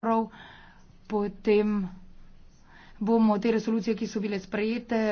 prav, potem bomo te resolucije, ki so bile sprejete,